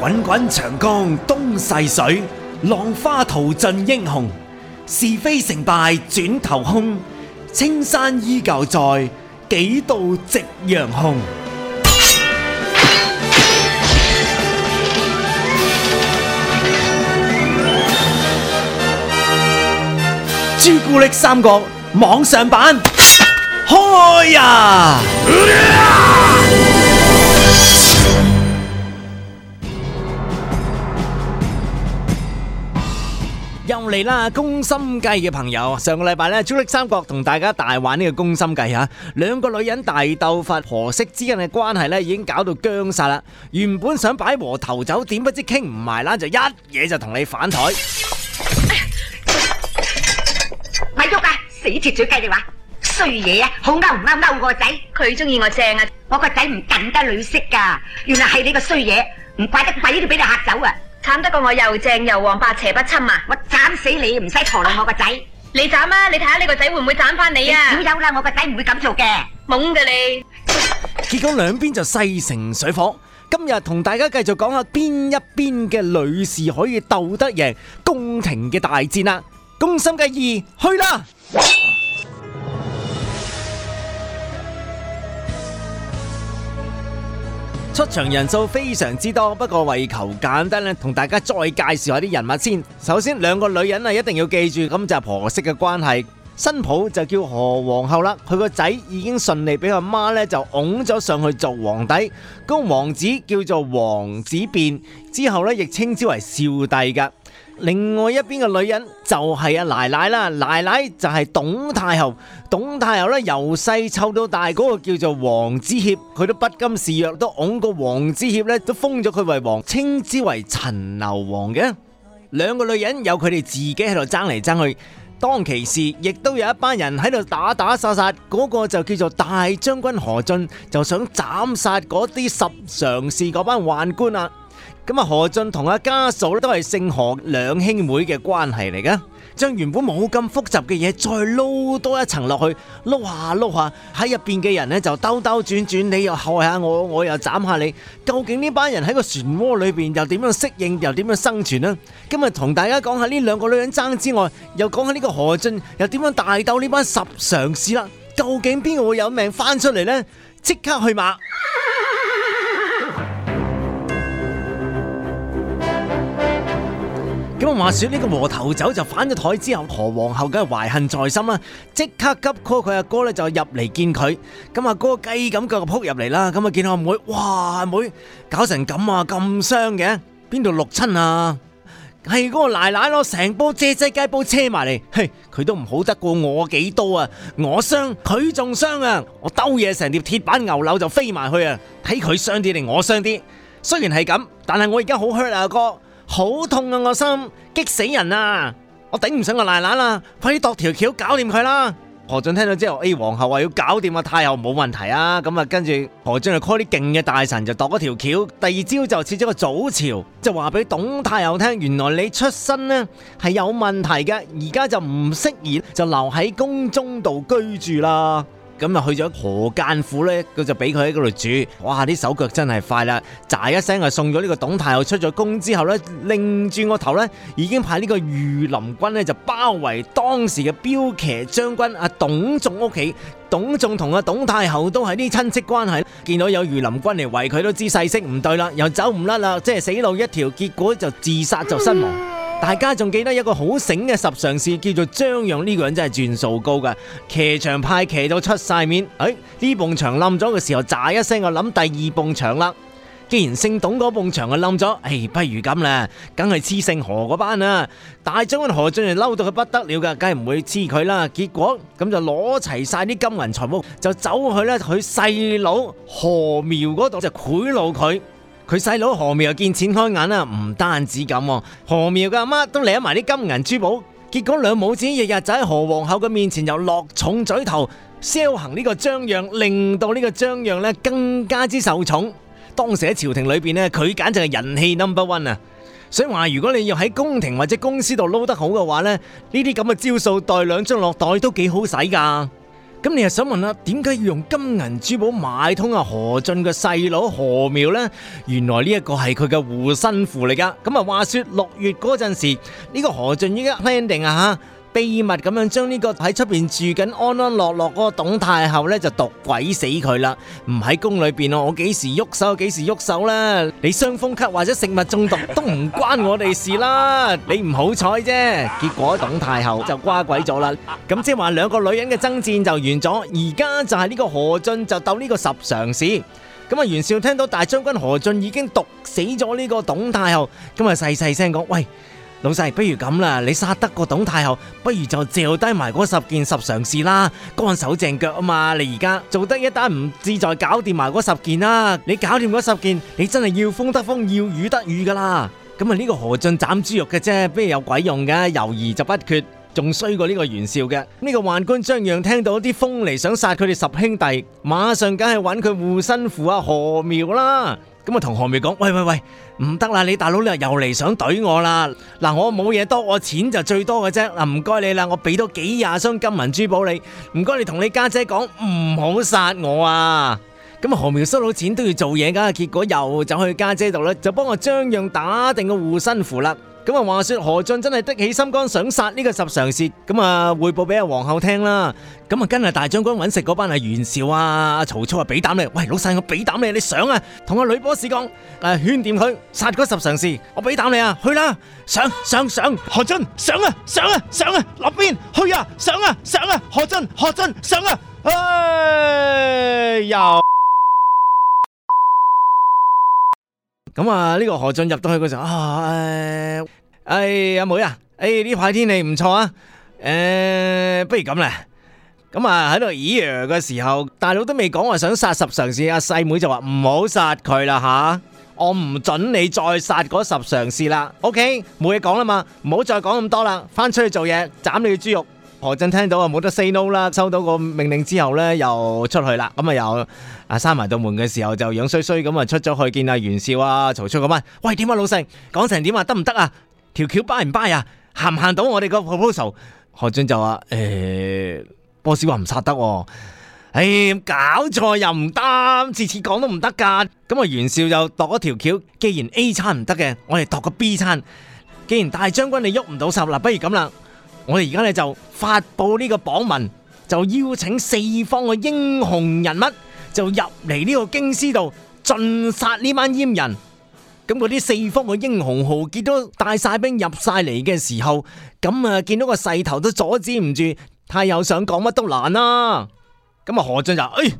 滾滾長江東逝水，浪花淘盡英雄。是非成敗轉頭空。青山依舊在，幾度夕陽紅。 朱古力三國網上版，開 呀！ 嚟啦宮心計嘅朋友，上個禮拜，朱古力三國同大家大玩呢個宮心計，兩個女人大鬥法，婆媳之間嘅關係已經搞到僵晒啦，原本想擺和頭酒，點不知傾唔埋啦，就一嘢就同你反枱。咪喐啊，死鐵嘴雞，你話衰嘢啊，好啱唔啱勾我個仔，佢鍾意我正啊，我個仔唔近得女色㗎。原來係你個衰嘢，唔怪得鬼都俾你嚇走啊。慘得過我又正又黃百邪不侵啊！我斬死你，唔使禍亂我個仔，你斬啊！你睇下你個仔會唔會斬翻你啊！少憂啦，我個仔唔會咁做嘅，懵噶你！結果，兩邊就勢成水火。今日同大家繼續講下邊一邊嘅女士可以鬥得贏宮廷嘅大戰啦！宮心計二去啦！出場人數非常之多，不過為求簡單咧，同大家再介紹下啲人物先。首先，兩個女人啊，一定要記住，咁就係婆媳嘅關係。新抱就叫何皇后啦，佢個仔已經順利俾阿媽呢，就拱咗上去做皇帝。個王子叫做王子變，之後呢亦稱之為少帝㗎。另外一邊嘅女人就係阿奶奶啦，奶奶就係董太后。董太后咧，由細湊到大，嗰個叫做皇子協，佢都不甘示弱，都拱個皇子協咧，都封咗佢為王，稱之為陳留王嘅。兩個女人有佢哋自己喺度爭嚟爭去，當其時亦都有一班人喺度打打殺殺，嗰個就叫做大將軍何進，就想斬殺嗰啲十常侍嗰班宦官啊。咁啊，何進同阿家嫂咧都係姓何，兩兄妹嘅關係嚟嘅，將原本冇咁複雜嘅嘢再撈多一層落去，撈下撈下，喺入邊嘅人呢就兜兜轉轉，你又害下我，我又斬下你，究竟呢班人喺個漩渦裏邊又點樣適應，又點樣生存呢？今日同大家講下呢兩個女人爭之外，又講下呢個何進又點樣大鬥呢班十常侍啦，究竟邊個會有命翻出嚟呢？即刻去馬！咁話說呢個和頭酒就反咗台之後，何皇后梗係懷恨在心啦，即刻急 call 佢阿哥咧就入嚟見佢。咁阿哥雞咁腳撲入嚟啦，咁啊見到阿妹，妹，哇，阿妹搞成咁啊咁傷嘅，邊度六親啊？係嗰、啊、個奶奶咯，成煲姐姐雞煲車埋嚟，嘿，佢都唔好得過我幾多啊？我傷，佢仲傷啊？我兜嘢成碟鐵板牛柳就飛埋去啊！睇佢傷啲定我傷啲？雖然係咁，但係我而家好 hurt 啊，阿哥。好痛啊！我心激死人啊！我頂唔順個奶奶啦，快啲度條橋搞掂佢啦！何進聽到之後，誒、哎、皇后話要搞掂個太后冇問題啊，咁啊跟住何進就 call 啲勁嘅大臣就度咗條橋，第二朝就設咗個早朝，就話俾董太后聽，原來你出身呢係有問題嘅，而家就唔適宜就留喺宮中度居住啦。咁就去咗何進府咧，佢就俾佢喺嗰度煮。哇！啲手腳真係快啦，咋一聲就送咗呢個董太后出咗宮之後咧，擰轉個頭咧，已經派個呢個御林軍咧，就包圍當時嘅驃騎將軍啊，董仲屋企。董仲同阿董太后都係啲親戚關係，見到有御林軍嚟圍佢，都知勢色唔對啦，又走唔甩啦，即係死路一條，結果就自殺就身亡。大家仲記得一個好醒嘅十常侍，叫做張讓，呢個人真係轉數高噶，騎牆派騎到出晒面。哎，呢埲牆冧咗嘅時候，咋一聲就諗第二埲牆啦。既然姓董嗰埲牆就冧咗，哎，不如咁啦，梗係黐姓何嗰班啦、啊。大將軍何進就嬲到佢不得了噶，梗係唔會黐佢啦。結果咁就攞齊晒啲金銀財寶就走去咧，佢細佬何苗嗰度就賄賂佢。佢細佬何苗又見錢開眼啦，唔單止咁，何苗嘅阿媽都攞埋啲金銀珠寶，結果兩母子日日就喺何皇后嘅面前又落重嘴頭，sell 行呢個張讓，令到呢個張讓咧更加之受寵。當時喺朝廷裏邊咧，佢簡直係人氣 number one 啊！所以話如果你要喺宮廷或者公司度撈得好嘅話咧，呢啲咁嘅招數袋兩張落袋都幾好使噶。咁你又想問啦？點解要用金銀珠寶買通阿何進嘅細佬何苗呢？原來呢一個係佢嘅護身符嚟㗎。咁啊，話說六月嗰陣時，呢個何進已經 plan 定啊吓。秘密咁樣將呢個喺出邊住緊安安樂樂嗰個董太后呢，就毒鬼死佢啦！唔喺宮裏邊我幾時喐手幾時喐手啦？你傷風咳或者食物中毒都唔關我哋事啦，你唔好彩啫。結果董太后就瓜鬼咗啦。咁即係話兩個女人嘅爭戰就完咗，而家就係呢個何進就鬥呢個十常侍。咁啊，袁紹聽到大將軍何進已經毒死咗呢個董太后，咁啊細細聲講喂。老細，不如咁啦，你殺得個董太后，不如就照低埋嗰十件十常侍啦，乾手淨腳啊嘛！你而家做得一單唔自在，搞掂埋嗰十件啦，你搞掂嗰十件，你真係要風得風，要雨得雨噶啦！咁啊呢個何進斬豬肉嘅啫，邊有鬼用噶？猶豫就不決，仲衰過呢個袁紹嘅。呢、呢個宦官張讓聽到啲風嚟，想殺佢哋十兄弟，馬上梗係揾佢護身符啊何苗啦！咁啊，同何苗講，喂喂喂，唔得啦，你大佬你又嚟想懟我啦？嗱，我冇嘢多，我錢就最多嘅啫。嗱，唔該你啦，我俾多幾廿箱金銀珠寶你。唔該你同你家姐講唔好殺我啊！咁啊，何苗收到錢都要做嘢㗎，結果又走去家姐度啦，就幫我張讓打定個護身符啦。咁啊！話說何進真係的起心肝，想殺呢個十常侍咁啊，匯報俾阿皇后聽啦。咁啊，跟阿大將軍揾食嗰班係袁紹啊、曹操啊，俾膽你。喂，老細我俾膽你，你上啊，同阿女波士講誒，勸掂佢殺嗰十常侍，我俾膽你啊，去啦，上上上，何進上啊上啊上啊，立邊去啊上啊上啊，何進何進上啊，哎又咁啊！呢個何進入到去嗰陣啊，誒。誒，阿妹啊，誒，呢排天氣唔錯啊。誒，不如咁啦，咁啊喺度耳約嘅時候，大佬都未講話想殺十常侍，阿細妹就話唔好殺佢啦吓，我唔准你再殺嗰十常侍啦。OK，冇嘢講啦嘛，唔好再講咁多啦，翻出去做嘢斬你嘅豬肉。何進聽到啊，冇得 say no 啦。收到個命令之後咧，又出去啦。咁啊又啊閂埋到門嘅時候，就樣衰衰咁啊出咗去見阿袁紹啊、曹操咁啊，喂，點啊老細講成點啊，得唔得啊？條橋拜唔拜啊，條條 by by, 行唔行到我哋個 proposal？何進就話，誒、欸，波斯話唔殺得，哎、欸，搞錯又唔得，次次講都唔得噶。咁啊，袁紹就度咗條橋。既然 A 餐唔得嘅，我哋度個 B 餐。既然大將軍你喐唔到手，嗱，不如咁啦，我哋而家咧就發佈呢個榜文，就邀請四方嘅英雄人物，就入嚟呢個京師度，盡殺呢班閹人。咁嗰啲四方嘅英雄豪傑都帶晒兵入晒嚟嘅時候，咁啊見到個勢頭都阻止唔住，太又想講乜都難啦。咁啊，何進就誒、哎，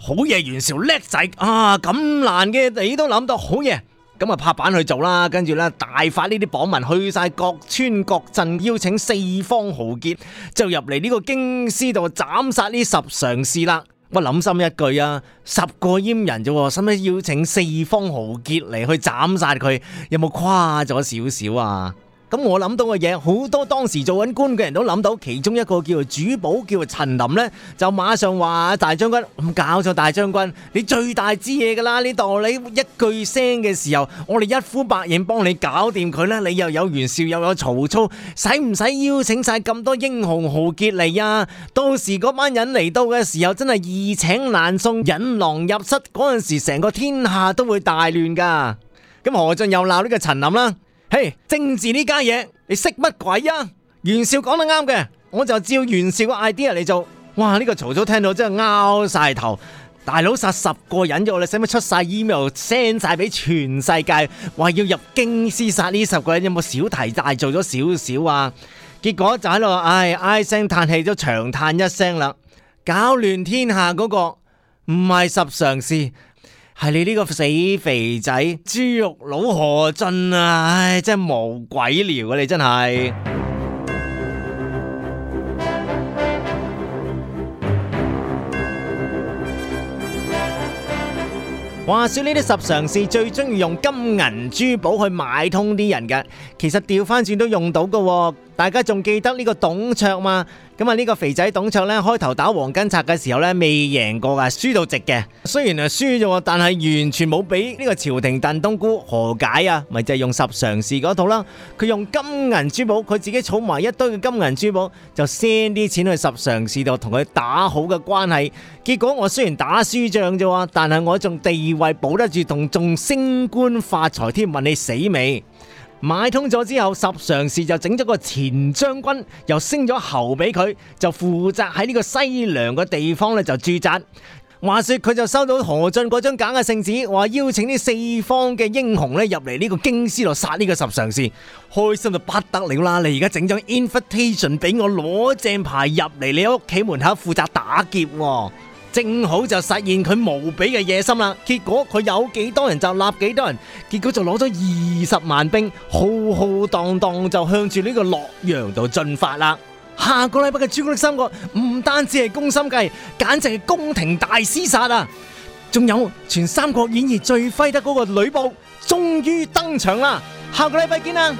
好嘢，袁紹叻仔啊，咁難嘅你都諗到好嘢，咁、嗯、啊拍板去做啦。跟住啦，大發呢啲榜文去晒各村各鎮，邀請四方豪傑就入嚟呢個京師度斬殺呢十常侍啦。我諗深一句啊，十個閹人啫喎，使唔使邀請四方豪傑嚟去斬殺佢？有冇誇咗少少啊？咁我諗到嘅嘢，好多當時做緊官嘅人都諗到，其中一個叫做主簿，叫做陳林呢，就馬上話：大將軍，搞錯！大將軍，你最大支嘢噶啦！呢度你道理一句聲嘅時候，我哋一呼百應，幫你搞掂佢啦！你又有袁紹，又有曹操，使唔使邀請晒咁多英雄豪傑嚟啊？到時嗰班人嚟到嘅時候，真係易請難送，引狼入室嗰陣時，成個天下都會大亂噶！咁何進又鬧呢個陳林啦。嘿，hey, 政治呢家嘢，你識乜鬼呀？袁紹講得啱嘅，我就照袁紹個 idea 嚟做。哇，呢、這個曹操聽到真係拗晒頭，大佬殺十個人啫，我哋使唔使出晒 email send 晒俾全世界，話要入京師殺呢十個人？有冇小題大做咗少少啊？結果就喺度唉唉聲嘆氣，都長嘆一聲啦，搞亂天下嗰、那個唔係十常侍，係你呢個死肥仔，豬肉佬何俊啊！唉，真係無鬼聊啊！你真係 話説呢啲十常侍最中意用金銀珠寶去買通啲人嘅。其實調翻轉都用到嘅，大家仲記得呢個董卓嘛？咁啊，呢個肥仔董卓呢，開頭打黃巾賊嘅時候呢，未贏過嘅，輸到值嘅。雖然係，輸咗，但係完全冇俾呢個朝廷燉冬菇何解啊？咪就係用十常侍嗰套啦。佢用金銀珠寶，佢自己儲埋一堆嘅金銀珠寶，就先啲錢去十常侍度，同佢打好嘅關係。結果我雖然打輸仗啫喎，但係我仲地位保得住，同仲升官發財添。問你死未？買通咗之後，十常侍就整咗個前將軍，又升咗侯俾佢，就負責喺呢個西涼嘅地方咧就駐紮。話說佢就收到何進嗰張假嘅聖旨，話邀請呢四方嘅英雄咧入嚟呢個京師度殺呢個十常侍，開心到不得了啦！你而家整張 invitation 俾我，攞正牌入嚟你屋企門口負責打劫。正好就實現佢無比嘅野心啦，結果佢有幾多人就立幾多人，結果就攞咗二十萬兵，浩浩蕩蕩就向住呢個洛陽度進發啦。下個禮拜嘅《朱古力三國》唔單止係攻心計，簡直係宮廷大廝殺啊！仲有《全三國演義》最輝得嗰個呂布，終於登場啦！下個禮拜見啦！